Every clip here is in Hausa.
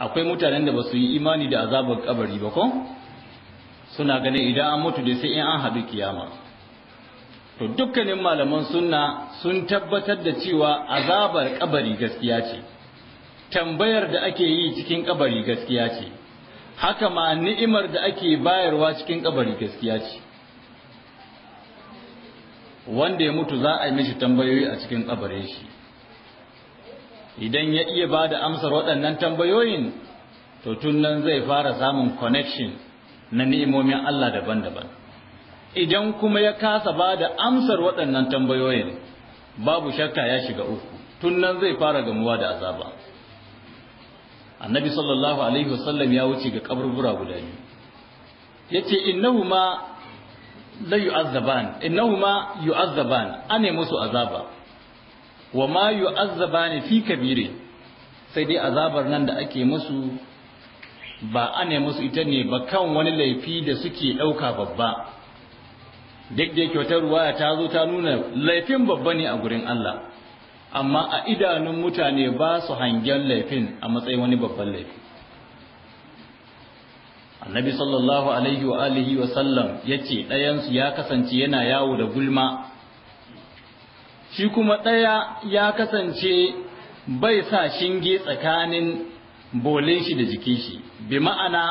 akwai mutanen da ba su yi imani da azabar kabari ba ko suna ganin idan an mutu da sai in an haɗu kiyama to dukkanin malaman sunna sun tabbatar da cewa azabar kabari gaskiya ce tambayar da ake yi cikin kabari gaskiya ce haka ma ni'imar da ake bayarwa cikin kabari gaskiya ce wanda ya mutu za a yi mishi tambayoyi a cikin kabarin shi idan ya iya ba da amsar waɗannan tambayoyin to tun nan zai fara samun connection na ni'imomin Allah daban-daban idan kuma ya kasa ba da amsar waɗannan tambayoyin babu shakka ya shiga uku tun nan zai fara gamuwa da azaba annabi sallallahu alaihi wasallam ya wuce ga kaburbura guda biyu yace innahuma la yu'azzaban innahuma yu'azzaban ane musu azaba wa ma ne fi kabire sai dai azabar nan da ake musu ba ane musu ita ne ba kan wani laifi da suke ɗauka babba duk da kyautar ruwaya ta zo ta nuna laifin babba ne a gurin Allah amma a idanun mutane ba su hangen laifin a matsayin wani babban laifi annabi sallallahu alaihi wa alihi wa sallam yace ɗayansu ya kasance yana yawo da gulma shi kuma ɗaya ya kasance bai sa shinge tsakanin bolin shi da jikin shi bi ma'ana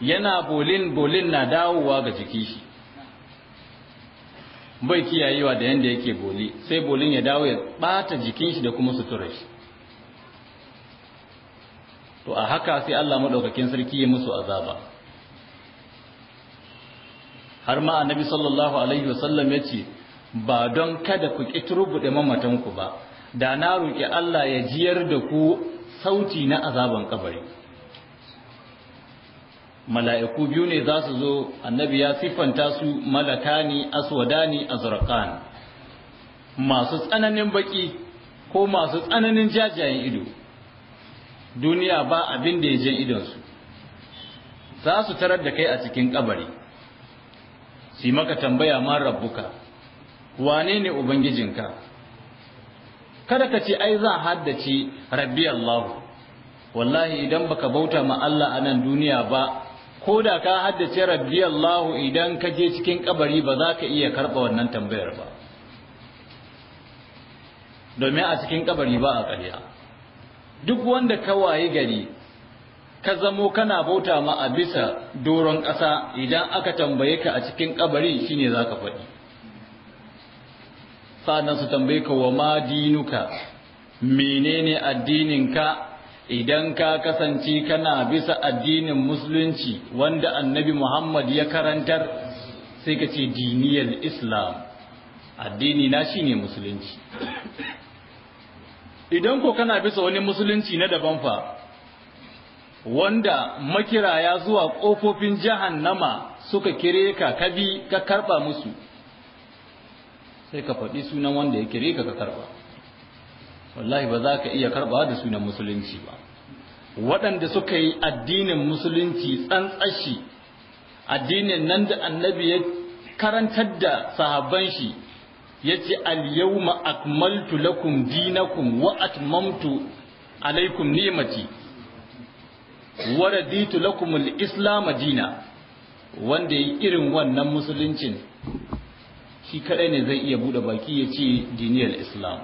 yana bolin bolin na dawowa ga jikin shi bai kiyayewa da yadda yake boli sai bolin ya dawo ya ɓata jikin shi da kuma suturar shi to a haka sai Allah maɗaukakin sarki ya musu azaba har ma annabi sallallahu alaihi wasallam ya ce ba don kada ku ƙi turbuɗe mamatanku ba da na roƙi Allah ya jiyar da ku sauti na azaban ƙabari. mala'iku biyu ne za su zo annabi ya siffanta su malakani aswadani azraqan masu tsananin baki ko masu tsananin jajayen ido duniya ba abin da ya je idonsu za su tarar da kai a cikin ƙabari. su maka tambaya ma rabbuka wane ne ubangijinka kada ka ce ai zan haddace rabbi Allah wallahi idan baka bauta ma Allah a nan duniya ba ko da ka haddace rabbi Allah idan ka je cikin kabari ba za ka iya karɓa wannan tambayar ba domin a cikin kabari ba a ƙarya duk wanda ka waye gari ka zamo kana bauta ma a bisa doron ƙasa idan aka tambaye ka a cikin kabari shine za ka faɗi sa'annan su tambaye ka wa ma dinuka menene addininka idan ka kasance kana bisa addinin musulunci wanda annabi Muhammad ya karantar sai ka ce diniyar islam addini na ne musulunci idan ko kana bisa wani musulunci na daban fa wanda makiraya zuwa ƙofofin jahannama suka kire ka kabi ka karɓa musu sai ka faɗi sunan wanda ya kire ka ka karɓa. wallahi ba za ka iya karɓawa da sunan musulunci ba waɗanda suka yi addinin musulunci tsantsashi addinin nan da annabi ya karantar da sahabban shi ya ce al Yau akmaltu lakum dinakum wa atmamtu alaikum ni'mati wa raditu lakum al-islam dina wanda yi irin wannan musuluncin shi kadai ne zai iya bude baki ya ce diniyar islam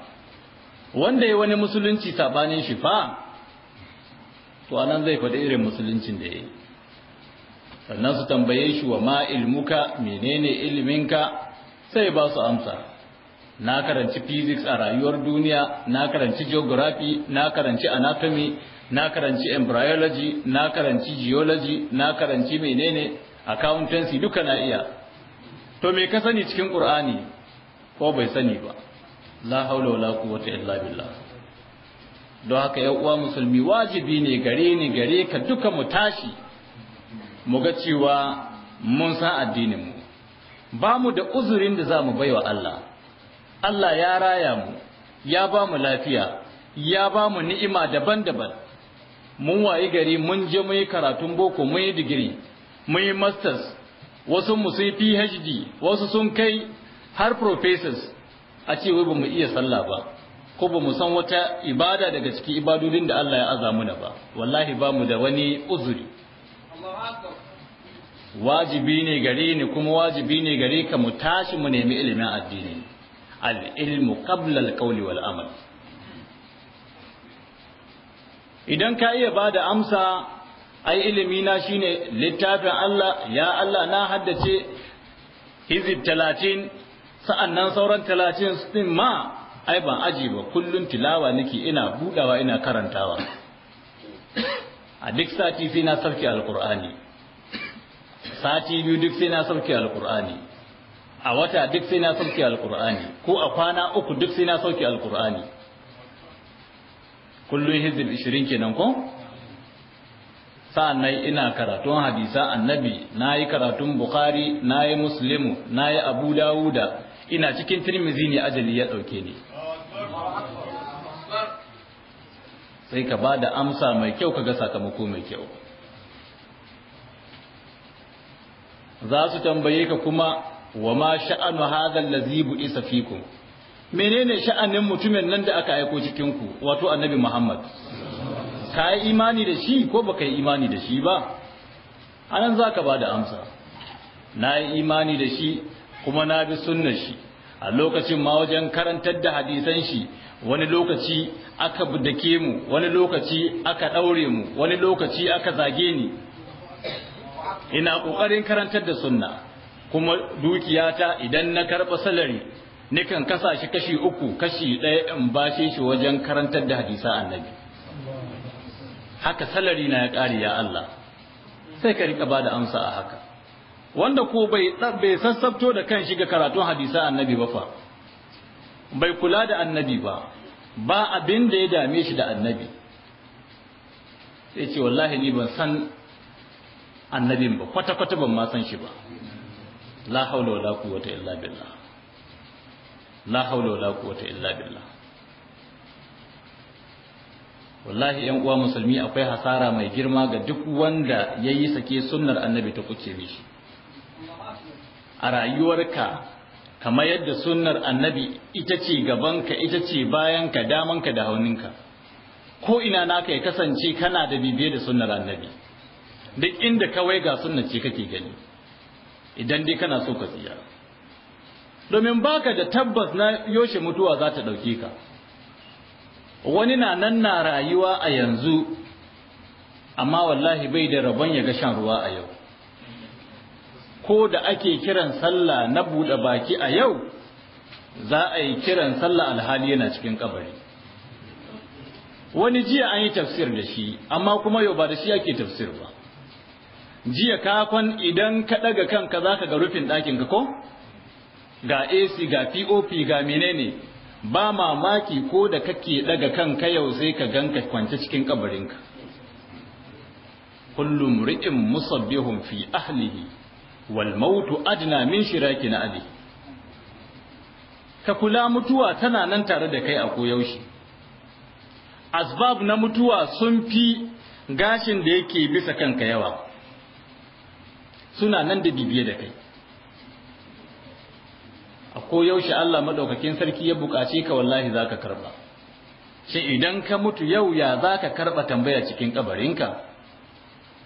wanda ya wani musulunci sabanin shi fa to anan zai faɗi irin musuluncin da ya yi sannan su tambaye shi wa ma ilmuka menene iliminka sai ba su amsa na karanci physics a rayuwar duniya na karanci geography na karanci anatomy na karanci embryology na karanci geology na karanci menene accountancy duka na iya to me ka sani cikin qur'ani ko bai sani ba la haula wala quwwata illa billah don haka 'yar uwa musulmi wajibi ne gare ni gare ka duka mu tashi mu ga cewa mun san addinin mu ba mu da uzurin da za mu baiwa Allah Allah ya raya mu ya ba mu lafiya ya ba mu ni'ima daban-daban mun wayi gari mun je mun yi karatun boko mun yi digiri mun yi masters wasu mu sai PhD wasu sun kai har professors a ce wai bamu iya sallah ba ko bamu san wata ibada daga cikin ibadodin da Allah ya aza muna ba wallahi ba mu da wani uzuri wajibi ne gare ni kuma wajibi ne gare ka mu tashi mu nemi ilimin addini al-ilmu qabla al-qawli wal amal idan ka iya bada amsa ai ilimi na shine littafin Allah ya Allah na haddace hizib talatin sa'annan sauran talatin din ma ai ban aji ba kullun tilawa nake ina budawa ina karantawa a duk sati sai na sauke alqur'ani sati biyu duk sai na sauke alqur'ani a wata duk sai na sauke alqur'ani ko a kwana uku duk sai na sauke alqur'ani kullun hizib 20 kenan ko sa'annan ina karatun hadisa annabi na yi karatun bukhari na yi muslimu na yi abu dawuda ina cikin tirmizi ne ajali ya ɗauke ni sai ka ba da amsa mai kyau ka ga sakamako mai kyau za su tambaye ka kuma wa ma sha'anu hadhal ladhi bu'isa fikum menene sha'anin mutumin nan da aka aiko cikinku? wato annabi muhammad ka yi imani da shi ko baka yi imani da shi ba anan za ka ba da amsa na yi imani da shi kuma na bi sunna shi a lokacin ma wajen karantar da hadisan shi wani lokaci aka dake mu wani lokaci aka ɗaure mu wani lokaci aka zage ni ina ƙoƙarin karantar da sunna kuma dukiyata idan na karɓa salari nikan kasa shi kashi uku kashi ɗaya in bashe shi wajen karantar da hadisa annabi haka salari na ya ƙare ya Allah sai ka riƙa ba da amsa a haka wanda ko bai bai sassabto da kan shiga karatun hadisa annabi ba fa bai kula da annabi ba ba abin da ya dame shi da annabi sai ce wallahi ni ban san annabin ba kwata-kwata ban ma san shi ba la haula wala quwwata illa billah la haula wala quwwata illa billah wallahi yan uwa musulmi akwai hasara mai girma ga duk wanda ya yi sake sunnar annabi ta kuce mishi a rayuwarka kamar yadda sunnar annabi ita ce gabanka ita ce bayanka damanka da hauninka ko ina naka ya kasance kana da bibiye da sunnar annabi duk inda kawai ga sunnar ce kake gani idan dai kana so ka tsira domin baka da tabbas na yoshe mutuwa za ta ɗauke ka wani na nan na rayuwa a yanzu amma wallahi bai da rabon ya ga shan ruwa a yau ko da ake kiran sallah na buɗe baki a yau za a yi kiran sallah alhali yana cikin kabari wani jiya an yi tafsir da shi amma kuma yau ba da shi ake tafsir ba jiya kakon idan ka ɗaga kanka za ka ga rufin ɗakin ka ko ga ac ga pop ga menene ba mamaki ko da kake daga kanka yau zai ka ganka kwance cikin kabarinka kullum ri'in musabbihun fi ahlihi wal mautu adna min shiraki na ali ka kula mutuwa tana nan tare da kai a koyaushe asbab na mutuwa sun fi gashin da yake bisa kanka yawa suna nan da bibiye da kai a koyaushe Allah madaukakin sarki ya buƙace ka wallahi zaka karba shi idan ka mutu yau ya za ka karba tambaya cikin kabarinka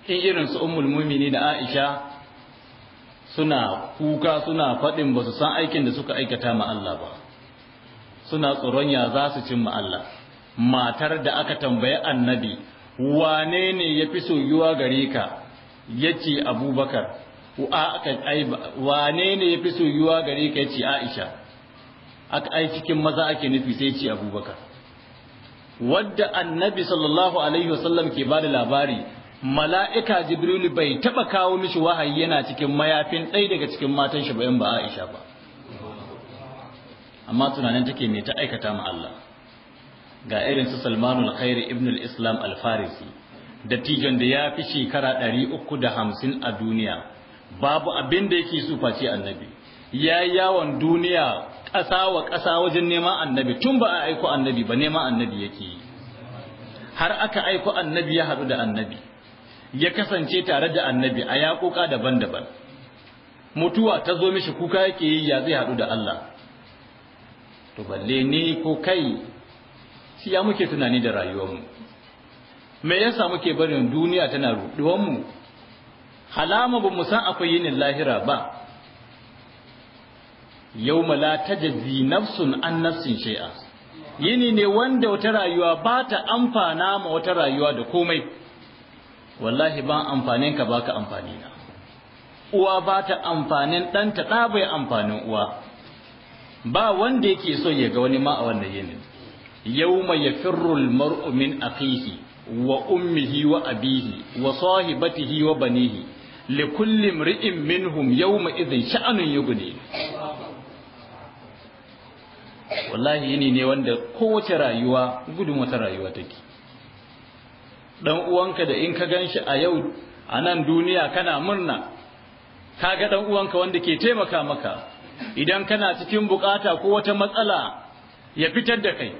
in irin su ummul mu'mini da Aisha suna kuka suna faɗin ba su san aikin da suka aikata ma Allah ba suna tsoron ya za su cin ma Allah matar da aka tambaye annabi wane ne ya fi soyuwa gare ka ya ce abubakar wane ne ya fi soyuwa gare ka ce aisha aka ai cikin maza ake nufi sai ce abubakar wadda annabi sallallahu alaihi wasallam ke ba da labari mala'ika jibrilu bai taba kawo mishi wahayi yana cikin mayafin ɗaya daga cikin matan shi bayan ba aisha ba amma tunanin take mai ta aikata ma Allah ga irin su Salmanul Khairi ibn al-Islam al-Farisi dattijon da ya fi shekara 350 a duniya babu abin da yake su face annabi ya yawon duniya ƙasa wa ƙasa wajen neman annabi tun ba a aiko annabi ba neman annabi yake yi har aka aiko annabi ya haɗu da annabi ya kasance tare da annabi a yaƙoƙa daban-daban mutuwa ta zo mishi kuka yake yi ya zai haɗu da Allah to balle ni ko kai shi ya muke tunani da mu? me yasa muke barin duniya tana mu? alama ba mu san akwai yinin lahira ba yau la tajzi nafsun an nafsin shay'a yini ne wanda wata rayuwa ba ta amfana ma wata rayuwa da komai wallahi ban amfanin ka baka amfani na uwa ba ta amfanin ɗanta ɗa bai amfanin uwa ba wanda yake so ya ga wani ma a wannan yinin yawma yafirru mar'u min akhihi wa ummihi wa abihi wa sahibatihi wa banihi li ri'in minhum yawma idhin sha'anun yughni wallahi yini ne wanda kowace rayuwa gudun wata rayuwa take dan uwanka da in ka ganshi a yau a nan duniya kana murna ka ga dan uwanka wanda ke taimaka maka idan kana cikin bukata ko wata matsala ya fitar da kai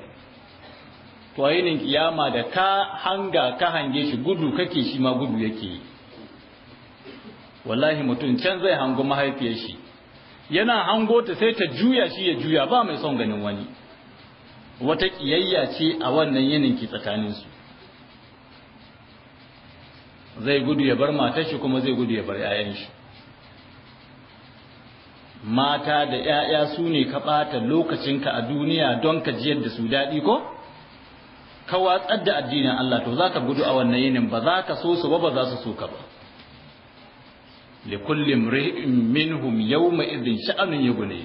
to a kiyama da ka hanga ka hange shi gudu kake shi ma gudu yake yi wallahi mutum can zai hango mahaifiyar shi yana hango ta sai ta juya shi ya juya ba mai son ganin wani wata kiyayya ce a wannan yinin ki tsakaninsu zai gudu ya bar matar shi kuma zai gudu ya bar 'ya'yan shi mata da 'ya'ya su ne ka ɓata lokacinka a duniya don ka jiyar da su daɗi ko ka watsar da addinin Allah to za ka gudu a wannan yinin ba za ka so su ba ba za su so ka ba likulli imri'in minhum yawma idhin sha'anun yughni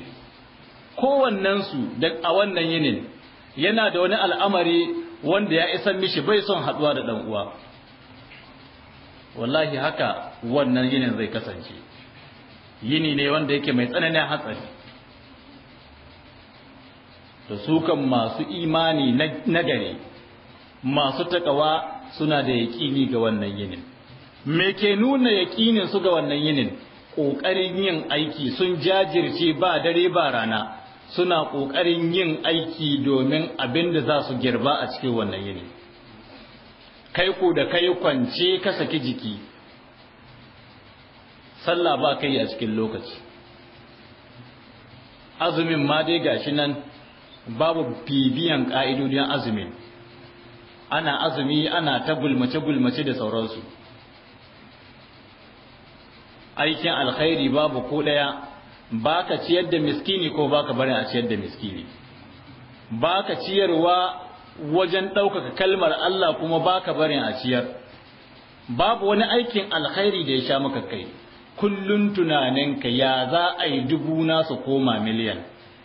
kowannen su a wannan yinin yana da wani al'amari wanda ya isan mishi bai son haduwa da dan uwa wallahi haka wannan yinin zai kasance yini ne wanda yake mai tsananin hatsari da sukan masu imani na gare masu takawa suna da yaƙini ga wannan yinin me ke nuna yaƙinin su ga wannan yinin ƙoƙarin yin aiki sun jajirce ba dare ba rana suna ƙoƙarin yin aiki domin abin da za su girba a cikin wannan yini kai ku da kai kwance ka saki jiki sallah ba kai a cikin lokaci azumin ma dai gashi nan babu bibiyan ƙa'idodin azumin ana azumi ana ta gulmace-gulmace da sauransu aikin alkhairi babu ko ɗaya baka ciyar da miskini ko baka barin a ciyar da miskini baka ciyarwa wajen ɗaukaka kalmar Allah kuma baka barin a ciyar babu wani aikin alkhairi da ya sha maka kai kullun tunaninka ya za a yi dubu na su koma miliyan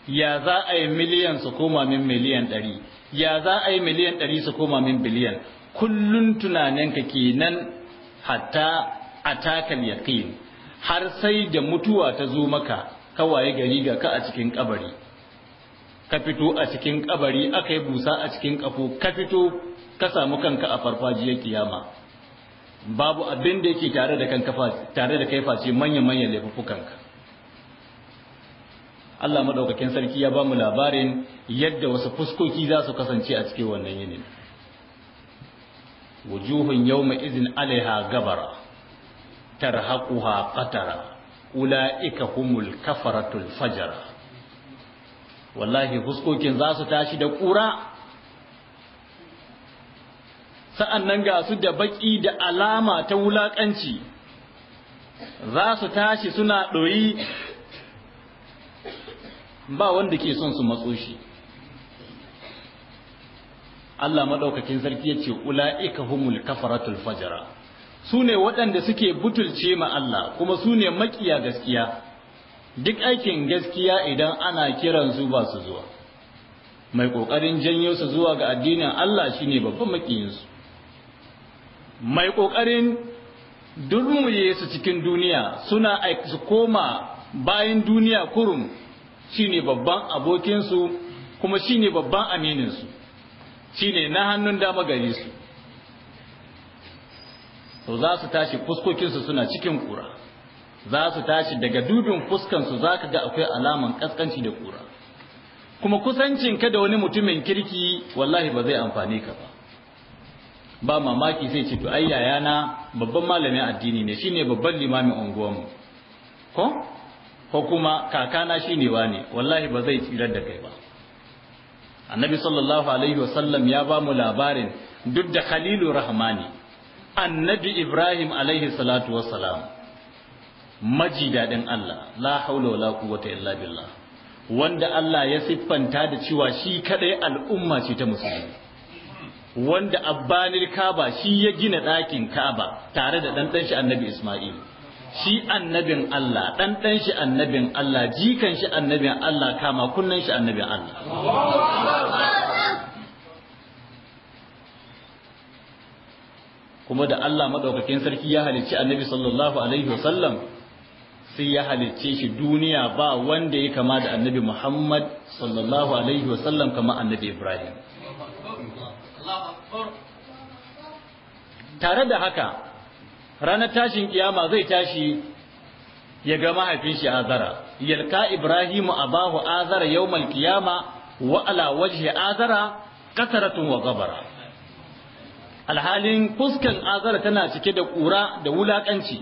ya za a yi miliyan su koma min miliyan ɗari ya za a yi miliyan ɗari su koma min biliyan kullun tunaninka kenan hatta a takal yaqin har sai da mutuwa ta zo maka kawaye gari ga ka a cikin kabari ka fito a cikin kabari aka yi busa a cikin kafo ka fito ka samu kanka a farfajiyar kiyama babu abin da yake tare da kanka tare da kai face manya manyan ka. Allah madaukakin sarki ya ba mu labarin yadda wasu fuskoki za su kasance a cikin wannan yinin wujuhun yawma izin alaiha gabara tarhaquha qatara ulaika humul kafaratul fajara wallahi fuskokin za su tashi da kura sa'annan ga su da baki da alama ta wulaƙanci, za su tashi suna ɗoyi ba wanda ke son su matso shi Allah maɗaukakin sarki ya ce ula'ika humul kafaratul fajara su ne waɗanda suke butulce ma Allah kuma su ne makiya gaskiya duk aikin gaskiya idan ana kiran su ba su zuwa mai ƙoƙarin janyo su zuwa ga addinin Allah shine babban makiyinsu mai ƙoƙarin durmuye su cikin duniya suna su koma bayan duniya kurum shine babban abokinsu kuma shine babban amininsu shine na hannun dama gare su to za su tashi fuskokinsu suna cikin kura za su tashi daga dubin fuskansu za ka ga akwai alaman ƙasƙanci da kura kuma kusancin ka da wani mutumin kirki wallahi ba zai amfane ka ba ba mamaki sai ce to ayyaya na babban malamin addini ne shine babban limamin unguwarmu ko ko kuma kakana shine wane wallahi ba zai tsirar da kai ba annabi sallallahu alaihi wasallam ya ba mu labarin duk da khalilu rahmani annabi Ibrahim alaihi salatu wassalam maji dadin Allah la haula wala quwwata illa billah wanda Allah ya siffanta da cewa shi kadai al'umma ce ta musulmi wanda abbanir Kaba shi ya gina ɗakin Kaba tare da dan shi annabi Isma'il shi annabin Allah dan shi annabin Allah jikan shi annabin Allah kama kunnan shi annabin Allah kuma da Allah maɗaukakin sarki ya halicci annabi sallallahu alaihi wasallam sai ya halicce shi duniya ba wanda ya kama da annabi Muhammad sallallahu alaihi wasallam kama annabi Ibrahim tare da haka ranar tashin kiyama zai tashi ya ga mahaifin shi azara yalka ibrahimu abahu azara yau qiyama wa ala wajhi azara kasaratun wa gabara alhalin fuskan azara tana cike da ƙura da wulaƙanci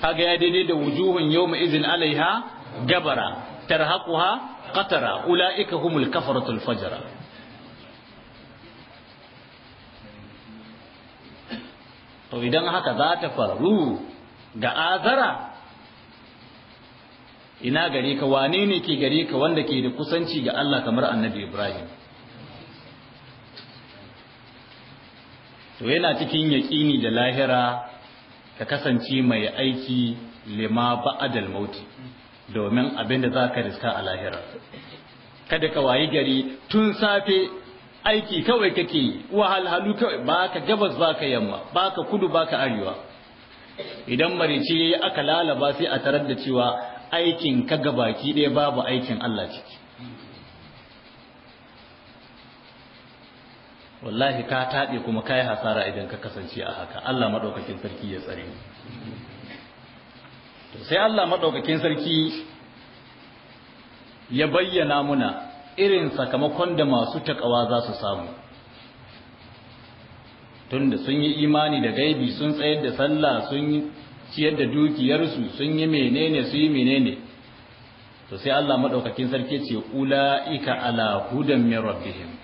kaga ya daidai da wujuhun yau izin alaiha gabara tarhaquha qatara ula'ika humul kafaratul fajara to idan haka za ta faru ga azara ina gari ka wane ne ke gari ka wanda ke da kusanci ga Allah kamar annabi Ibrahim to yana cikin yaƙini da lahira ka kasance mai aiki lima ba'adal mauti domin abin da za ka riska a lahira kada ka wayi gari tun safe aiki kawai kake wahalhalu kawai ba ka gabas ba ka yamma ba ka kudu ba ka arewa idan marice aka lalaba sai a tarar da cewa aikin ka gabaki ɗaya babu aikin Allah ciki wallahi ka taɓe kuma ka yi hasara idan ka kasance a haka Allah maɗaukakin sarki ya tsare to sai Allah maɗaukakin sarki ya bayyana muna irin sakamakon da masu taƙawa za su samu tunda sun yi imani da gaibi sun tsayar da sallah sun ciyar da dukiyarsu sun yi menene su yi menene to sai Allah maɗaukakin sarki ce ula'ika ala hudan min rabbihim